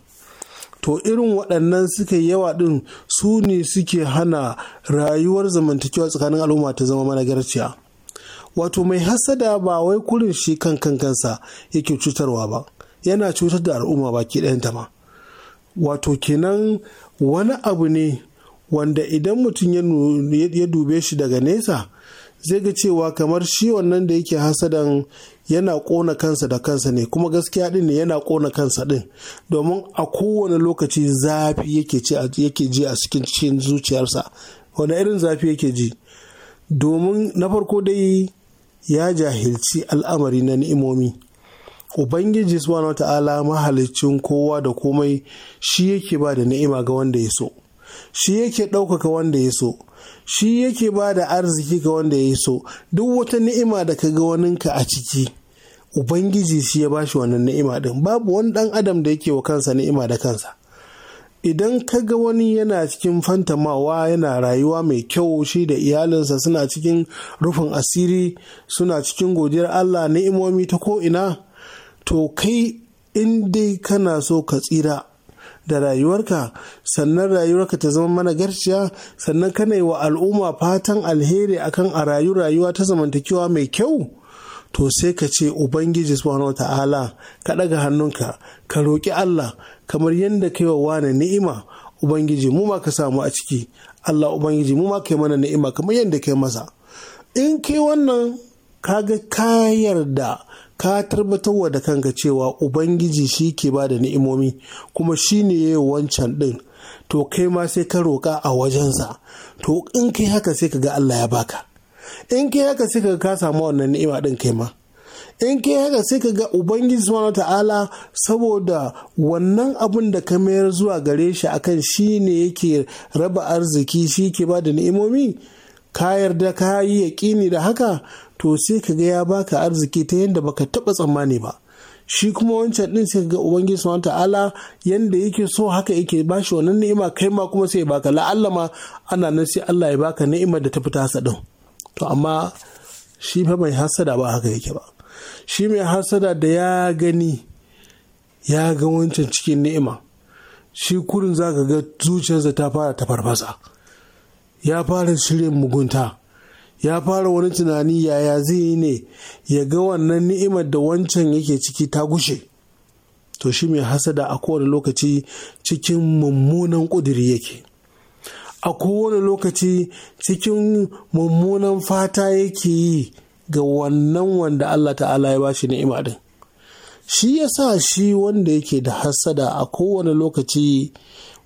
to irin waɗannan suka yi yawa ɗin su ne suke hana rayuwar zamantakewa tsakanin al'umma ta zama managarciya wato mai hasada ba wai kurin shi kan kankansa yake cutarwa ba yana cutar da al'umma baki ɗayanta ma wato kenan wani abu ne wanda idan mutum ya dube shi daga nesa zai ga cewa kamar shi wannan da yake hasadan yana kona kansa da kansa ne kuma gaskiya din ne yana kona kansa din domin a kowane lokaci zafi yake ji a cikin zuciyarsa wani irin zafi yake ji domin na farko dai ya jahilci al'amari na ni'imomi ubangiji subhanahu ta'ala mahalicin kowa da komai shi yake ba da ni'ima ga wanda ya so shi yake ɗaukaka wanda ya so shi yake ba da arziki ga wanda ya so duk wata ni'ima da ka ga waninka a ciki ubangiji shi ya bashi wannan ni'ima din babu wani ɗan adam da yake wa kansa ni'ima da kansa idan ka ga wani yana cikin fantamawa yana rayuwa mai kyau shi da iyalinsa suna cikin rufin asiri suna cikin godiyar allah ni'imomi ta ko ina to kai in dai kana so ka tsira da rayuwarka sannan rayuwarka ta zama mana garciya sannan kana yi wa al'umma fatan alheri akan a rayu rayuwa ta zamantakewa mai kyau to sai ka ce ubangiji subhanahu ta'ala ka ɗaga hannunka ka roƙi Allah kamar yadda kai wa wane ni'ima ubangiji mu ma ka samu a ciki Allah ubangiji mu ma kai mana ni'ima kamar yadda kai masa in kai wannan ka ga kayar da. ka tabbatarwa da kanka cewa ubangiji shi ke ba da ni'imomi kuma shi ne ya yi wancan ɗin to kai ma sai ka roƙa a wajensa to in kai haka sai ka ga Allah ya baka in kai haka sai ka ka samu wannan ni'ima ɗin kai ma in kai haka sai ka ga ubangiji subhanahu ta'ala saboda wannan abun da ka mayar zuwa gare shi akan shi ne yake raba arziki shi ke ba da ni'imomi ka yarda ka yi yaƙini da haka to sai ka ga ya baka arziki ta yadda baka taba tsammani ba shi kuma wancan din sai ga ubangiji subhanahu ta'ala yanda yake so haka yake bashi wannan ni'ima kai ma kuma sai ya baka la'alla ma ana nan sai Allah ya baka ni'imar da ta fita hasa din to amma shi fa mai hasada ba haka yake ba shi mai hasada da ya gani ya ga wancan cikin ni'ima shi kurin zaka ga zuciyarsa ta fara ta ya fara shirin mugunta ya fara wani tunani yaya zai yi ne ya ga wannan ni'imar da wancan yake ciki ta gushe to shi mai hasada a kowane lokaci cikin mummunan ƙudiri yake a kowane lokaci cikin mummunan fata yake yi ga wannan wanda Allah ta'ala ya bashi ni'ima din shi ya sa shi wanda yake da hasada a kowane lokaci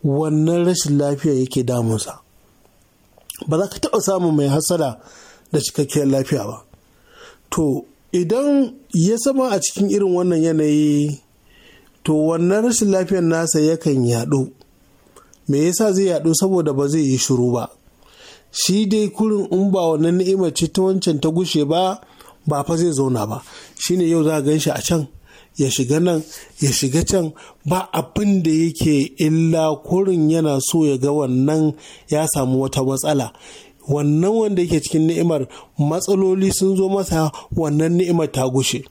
wannan rashin lafiya yake damunsa ba za ka taɓa samun mai hasada da cikakkiyar lafiya ba to idan ya zama a cikin irin wannan yanayi to wannan rashin lafiyar nasa yakan yaɗo me yasa zai yaɗo saboda ba zai yi shiru ba shi dai kurin in ba wannan ni'imar ce ta wancan ta gushe ba ba fa zai zauna ba shi ne yau za a gan shi a can ya shiga nan ya shiga can ba abin da yake illa kurin yana so ya ga wannan ya samu wata matsala wannan wanda yake cikin ni'imar matsaloli sun zo masa wannan ni'imar ta gushe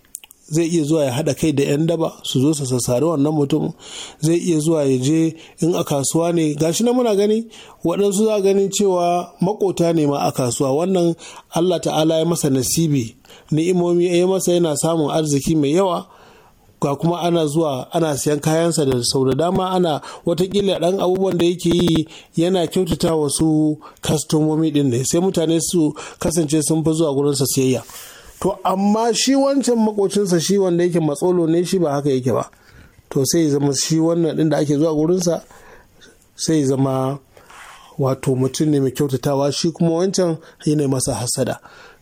zai iya zuwa ya haɗa kai da 'yan daba su zo su sassari wannan mutum zai iya zuwa ya je in a kasuwa ne gashi na muna gani waɗansu za ganin cewa makota ne ma a kasuwa wannan allah ta'ala ya masa nasibi ni'imomi ya masa yana samun arziki mai yawa ga kuma ana zuwa ana siyan kayansa da sau da dama ana watakila dan abubuwan da yake yi yana kyautata wasu kastomomi din ne sai mutane su kasance sun fi zuwa gurinsa siyayya to amma shi wancan makocinsa shi wanda yake matsolo ne shi ba haka yake ba to sai zama shi wannan din da ake zuwa gurinsa sai zama wato mutum ne mai kyautatawa shi kuma wancan yana masa hasada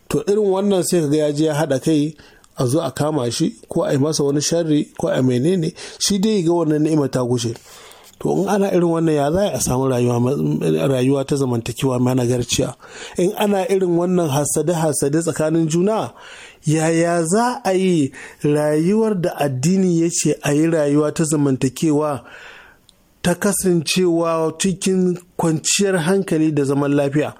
to irin wannan sai ga ya je ya haɗa kai a zo a kama shi ko a yi masa wani sharri ko a menene shi dai ga wannan ni'ima ta gushe to in ana irin wannan ya za a samu rayuwa ta zamantakewa mai nagarciya in ana irin wannan hasade-hasade tsakanin juna yaya za a yi rayuwar da addini ya ce a yi rayuwa ta zamantakewa ta kasancewa cikin kwanciyar hankali da zaman lafiya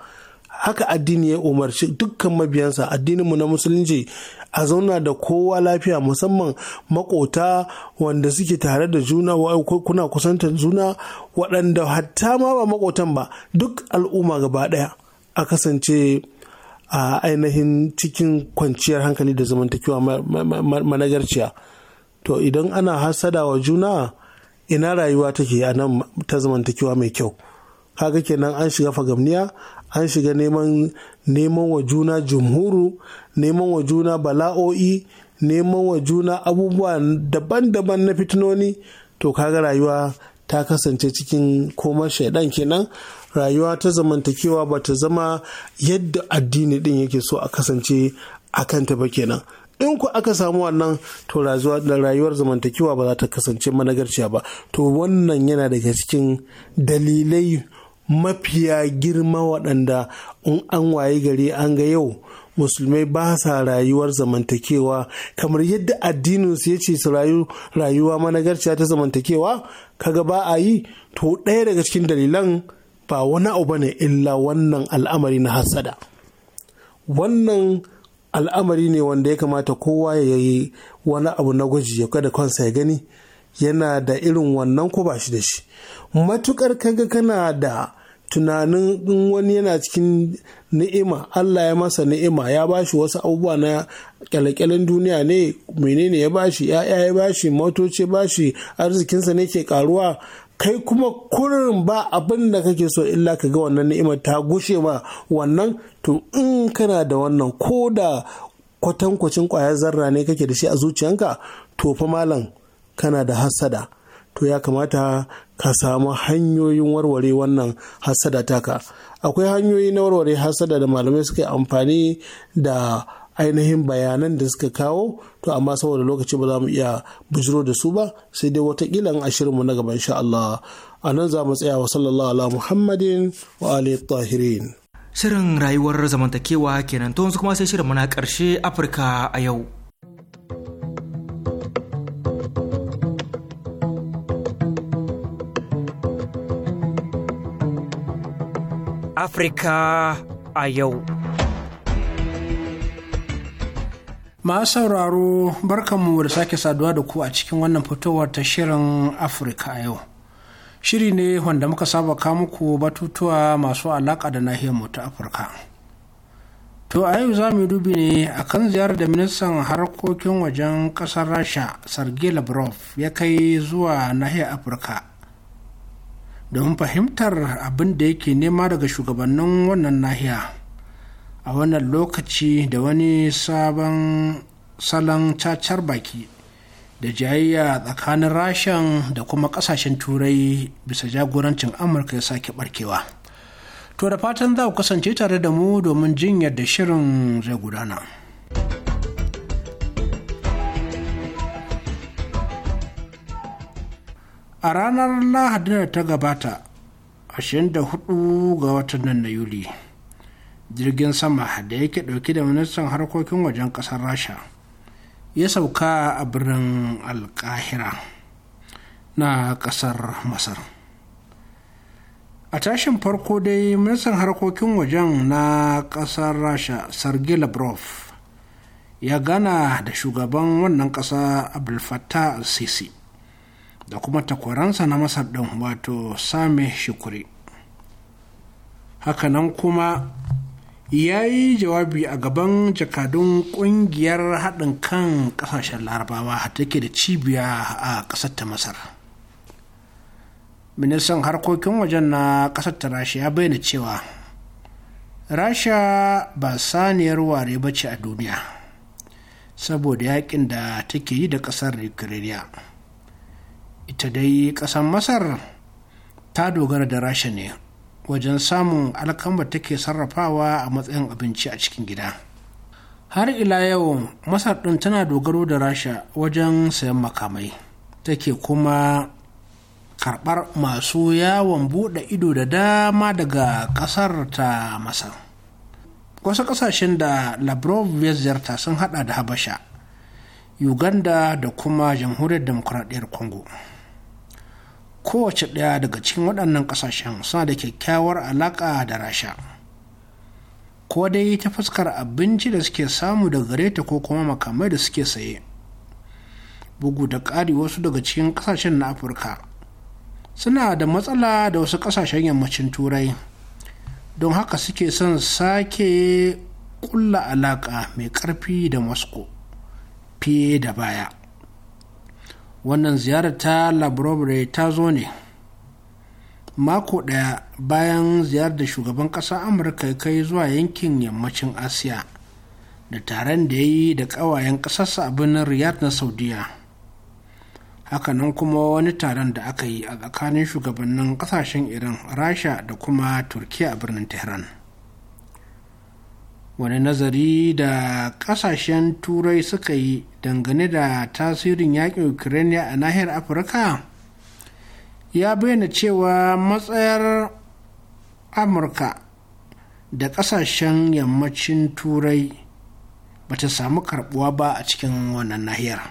haka addini ya umarci dukkan mabiyansa addininmu na musulunci a zauna da kowa lafiya musamman makota wanda suke tare da juna kuna kusantar juna waɗanda hatta ma ba makotan ba duk al'umma gaba ɗaya a kasance a ainihin cikin kwanciyar hankali da zamantakewa managarciya to idan ana hasada wa juna ina rayuwa take a nan ta zamantakewa mai kyau kaga kenan an shiga fagamniya an shiga neman neman wa juna jumhuru neman wa juna bala'o'i neman wa juna abubuwa daban-daban na fitinoni to kaga rayuwa ta kasance cikin komar shaidan kenan rayuwa ta zamantakewa ba ta zama yadda addini din yake so a kasance a kanta ba kenan in ku aka samu wannan to rayuwar zamantakewa ba za ta kasance managarciya ba to wannan yana daga cikin dalilai mafiya girma waɗanda in an waye gari an ga yau musulmai ba sa rayuwar zamantakewa kamar yadda addininsu ya ce su rayu rayuwa managarciya ta zamantakewa kaga ba a yi to ɗaya daga cikin dalilan ba wani abu ne illa wannan al'amari na hasada wannan al'amari ne wanda ya kamata kowa ya yi wani abu na gwaji ya kada kansa ya gani yana da irin wannan ko ba shi da shi matukar kaga kana da tunanin wani yana cikin ni'ima Allah ya masa ni'ima ya bashi wasu abubuwa na kyale-kyalen duniya ne menene ya bashi ya'ya ya bashi motoci bashi arzikinsa ne ke karuwa kai kuma kurin ba abin da kake so illa ka ga wannan ni'imar ta gushe ma wannan to in kana da wannan ko da kwatankwacin kwayar zarra ne kake da shi a zuciyanka to fa malam kana da hasada to ya kamata ka samu hanyoyin warware wannan hasada taka akwai hanyoyi na warware hasada da malamai suka amfani da ainihin bayanan da suka kawo to amma saboda lokaci ba za mu iya bujiro da su ba sai dai watakila a shirinmu na gaba sha Allah a nan za mu tsaya wa sallallahu ala muhammadin wa alihi tahirin shirin rayuwar zamantakewa kenan to yanzu kuma sai shirin muna karshe afirka a yau Afirka a yau. Masu sauraro barkanmu da sake saduwa da ku a cikin wannan fitowar ta shirin Afirka a yau. Shiri ne wanda muka saba ka muku batutuwa masu alaƙa da nahiyarmu ta Afirka. To a yau za mu dubi ne a kan ziyarar da ministan harkokin wajen ƙasar Rasha Sergei Lavrov ya kai zuwa nahiyar Afirka domin fahimtar abin da yake nema daga shugabannin wannan nahiya a wannan lokaci da wani sabon salon cacar baki da jayayya tsakanin rashen da kuma kasashen turai bisa jagorancin amurka ya sake barkewa to da fatan za ku kasance tare da mu domin jinyar da shirin zai gudana. a ranar lahadin da ta gabata 24 ga watan nan na yuli jirgin sama da yake dauke da ministan harkokin wajen kasar rasha ya sauka a birnin alkahira na kasar masar a tashin farko dai ministan harkokin wajen na kasar rasha sergei lavrov ya gana da shugaban wannan kasa abdulfattah sisi da kuma takwaransa na masar ɗin wato same shukuri hakanan kuma ya yi jawabi a gaban jakadun ƙungiyar haɗin kan ƙasashen larabawa take da cibiya a ƙasar ta masar ministan harkokin wajen na ƙasar ta rasha ya bayyana cewa rasha ba saniyar ware ba ce a duniya saboda yakin da take yi da ƙasar ukraine ita dai ƙasar masar ta dogara da rasha ne wajen samun alkama take sarrafawa a matsayin abinci a cikin gida har ila yau masar ɗin tana dogaro da rasha wajen sayan makamai take kuma karɓar masu yawon buɗe ido da dama daga ƙasar ta masar wasu ƙasashen da labrov ya ziyarta sun hada da habasha uganda da kuma jamhuriyar demokuraɗiyar congo kowace ɗaya daga cikin waɗannan ƙasashen suna da kyakkyawar alaƙa da rasha ko dai ta fuskar abinci da suke samu da gare ta ko kuma makamai da suke saye bugu da ƙari wasu daga cikin ƙasashen na afirka suna da matsala da wasu ƙasashen yammacin turai don haka suke son sake ƙulla alaƙa mai ƙarfi da moscow fiye da baya wannan ziyarar ta labrobre ta zo ne mako ɗaya bayan ziyarar da shugaban ƙasar amurka ya kai zuwa yankin yammacin asiya da taron da ya yi da ƙawayen ƙasarsa a birnin riyadh na saudiya hakanan kuma wani taron da aka yi a tsakanin shugabannin ƙasashen iran rasha da kuma turkiya a birnin tehran wani nazari da kasashen turai suka yi dangane da tasirin yakin ukraine a nahiyar afirka ya bayyana cewa matsayar amurka da kasashen yammacin turai ba ta samu karbuwa ba a cikin wannan nahiyar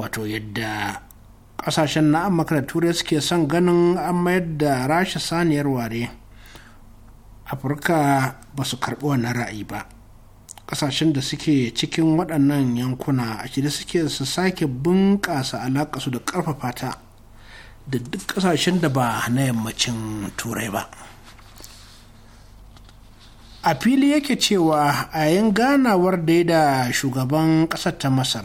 wato yadda kasashen na amurka da turai suke son ganin an mayar da rasha saniyar ware afirka ba su karɓi wannan ra'ayi ba ƙasashen da suke cikin waɗannan yankuna a shirye suke su sake bunƙasa alaƙa su da ƙarfafa ta da duk ƙasashen da ba na yammacin turai ba a fili yake cewa a yin ganawar da ya da shugaban ƙasar ta masar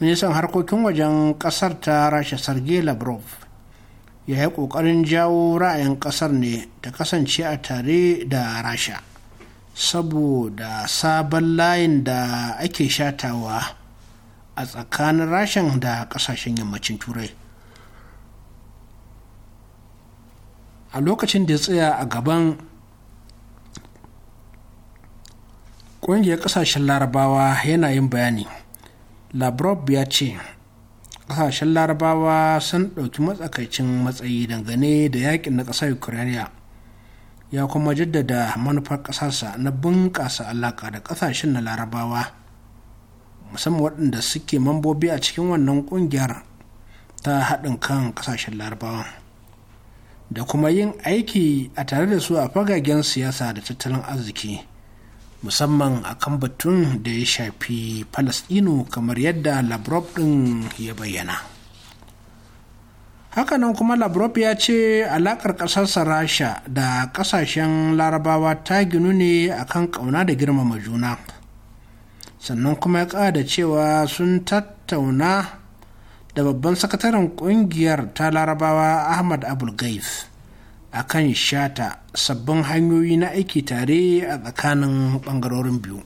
ministan harkokin wajen ƙasar ta rasha sergei lavrov ya yi ƙoƙarin jawo ra'ayin ƙasar ne ta kasance a tare da rasha saboda sabon layin da ake shatawa a tsakanin rashin da ƙasashen yammacin turai a lokacin da ya tsaya a gaban ƙungiyar ƙasashen larabawa yana yin bayani labrov ya ce ƙasashen larabawa sun ɗauki matsakaicin matsayi dangane da yakin na ƙasar ukraine ya kuma jaddada manufar ƙasarsa na bunƙasa alaƙa da ƙasashen na larabawa musamman waɗanda suke mambobi a cikin wannan ƙungiyar ta haɗin kan ƙasashen larabawa da kuma yin aiki a tare da su a fagagen siyasa da tattalin arziki musamman a kan batun da ya shafi Falasɗinu kamar yadda Labrob ɗin ya bayyana hakanan kuma Labrob ya ce alakar ƙasarsa rasha da ƙasashen larabawa ta ginu ne akan ƙauna da girmama juna sannan kuma ya ƙada cewa sun tattauna da babban sakataren ƙungiyar ta larabawa ahmad abulgaif a kan shata sabbin hanyoyi na aiki tare a tsakanin bangarorin biyu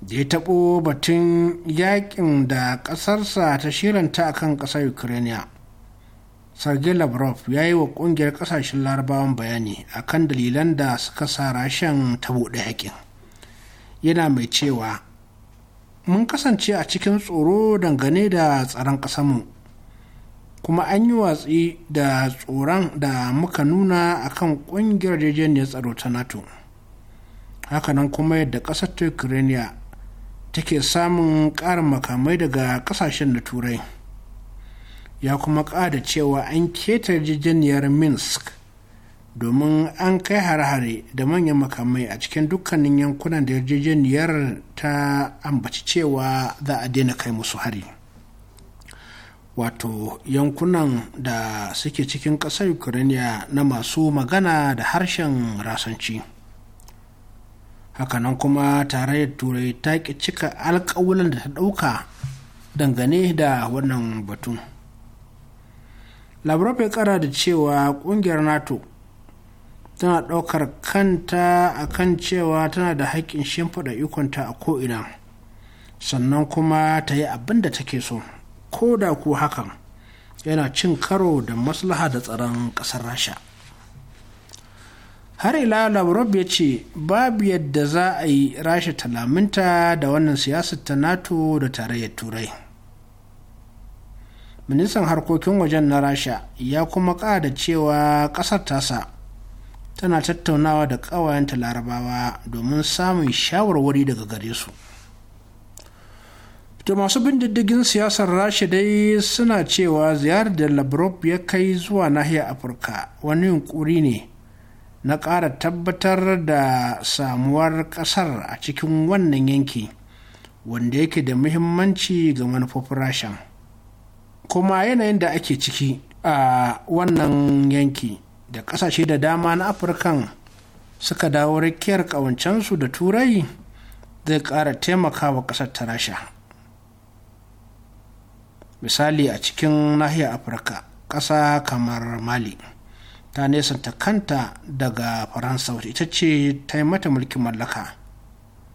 da ya taɓo batun yakin da ƙasarsa ta shiranta a kan ƙasar ukraine sergei lavrov ya yi wa ƙungiyar ƙasashen larabawan bayani a kan dalilan da suka sa rashen ta buɗe yakin yana mai cewa mun kasance a cikin tsoro dangane da tsaron ƙasarmu kuma an yi watsi da tsoron da muka nuna a kan ƙungiyar jejeniya tsaro ta nato hakanan kuma yadda ƙasar ta ukraine take samun ƙarin makamai daga ƙasashen da turai ya kuma ƙada cewa an keta jejeniyar minsk domin an kai hare-hare da manyan makamai a cikin dukkanin yankunan da yarjejeniyar ta ambaci cewa za a daina kai musu hari. wato yankunan da suke cikin ƙasar ukraine na masu magana da harshen rasanci hakanan kuma tarayyar turai ta ƙi cika alkawulan da ta ɗauka dangane da wannan batun labarai bai kara da cewa ƙungiyar nato tana ɗaukar kanta a kan cewa tana da haƙƙin shimfiɗa ikonta a ko'ina sannan kuma ta yi abin da take so ko da ko hakan yana cin karo da maslaha da tsaron ƙasar rasha har ila lavrov ya ce babu yadda za a yi rasha ta laminta da wannan siyasar ta nato da tarayyar turai ministan harkokin wajen na rasha ya kuma ƙada cewa ƙasar tasa tana tattaunawa da ƙawayenta larabawa domin samun shawarwari daga gare su Da masu bin diddigin siyasar Rasha dai suna cewa ziyarar da Lavrov ya kai zuwa nahiyar Afirka wani yunkuri ne na ƙara tabbatar da samuwar ƙasar a cikin wannan yanki wanda yake da muhimmanci ga manufofin Rasha. Kuma yanayin da ake ciki a wannan yanki da ƙasashe da dama na Afirkan suka dawo rakiyar ƙawancensu da Turai zai ƙara taimakawa ƙasar ta Rasha. misali a cikin nahiyar afirka ƙasa kamar mali ta nesanta kanta daga faransa wata ita ce ta yi mata mulkin mallaka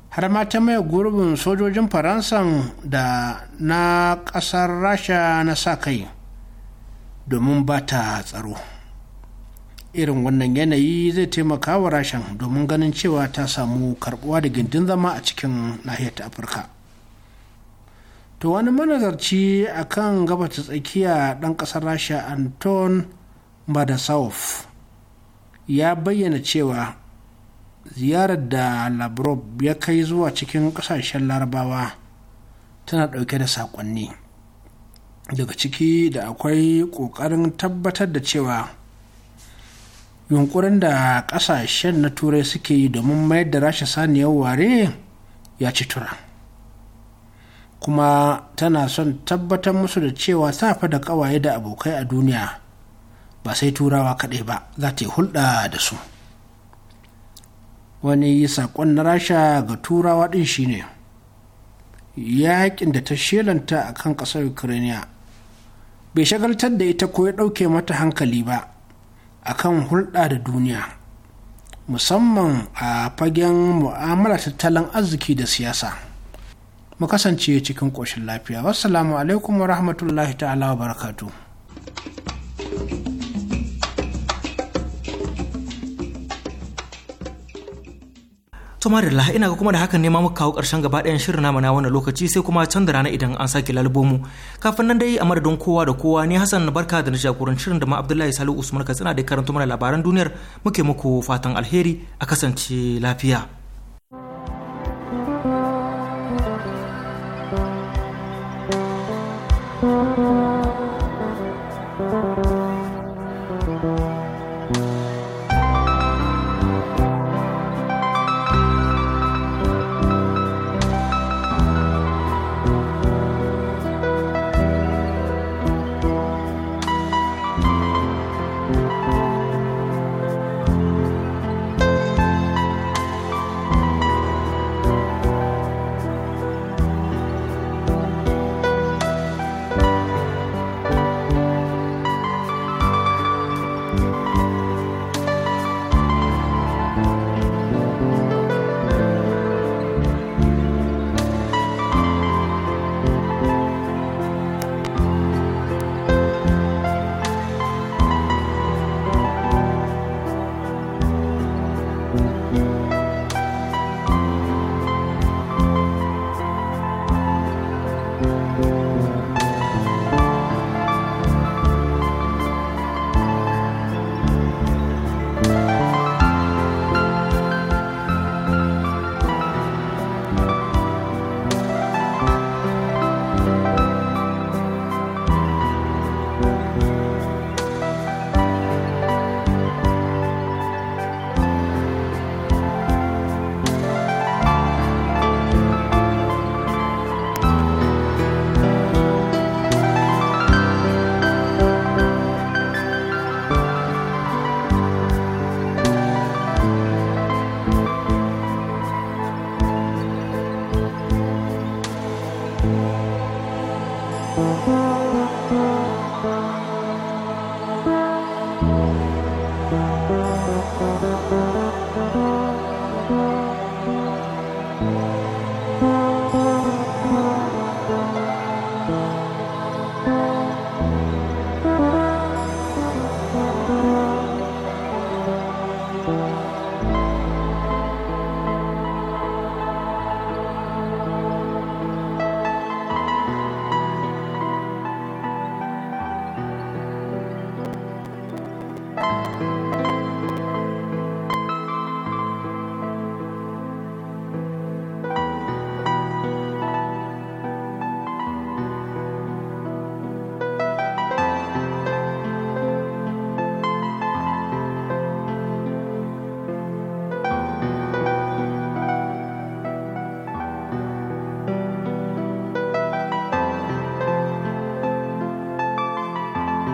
har ma ta maye gurbin sojojin faransa da na ƙasar rasha na sa kai domin ba ta tsaro irin wannan yanayi zai taimaka wa rashin domin ganin cewa ta samu karbuwa da gindin zama a cikin nahiyar ta afirka to wani manazarci a kan gabata tsakiya ɗan ƙasar rasha anton badasauf ya bayyana cewa ziyarar da labrov ya kai zuwa cikin ƙasashen larabawa tana ɗauke da saƙonni daga ciki da akwai ƙoƙarin tabbatar da cewa yunkurin da ƙasashen na turai suke yi domin mayar da rasha saniyar ware ya ci tura kuma tana son tabbatar musu da cewa safa da kawaye da abokai a duniya ba sai turawa kaɗai ba za ta yi hulɗa da su wani saƙon na rasha ga turawa ɗin shine yaƙin da ta shelanta a kan ƙasar ukraine bai shagaltar da ita ko ya ɗauke mata hankali ba a kan hulɗa da duniya musamman a fagen mu'amala tattalin arziki da siyasa mu kasance cikin koshin lafiya wassalamu alaikum wa rahmatullahi ta'ala wa barakatu tumarilla ina ga kuma da hakan nema muka kawo karshen gaba ɗayan shirin namu na lokaci sai kuma can da rana idan an sake lalbomu kafin nan dai a madadin kowa da kowa ne hassan barka da na jagoran shirin da ma abdullahi salihu usman katsina da karanta mana labaran duniyar muke muku fatan alheri a kasance lafiya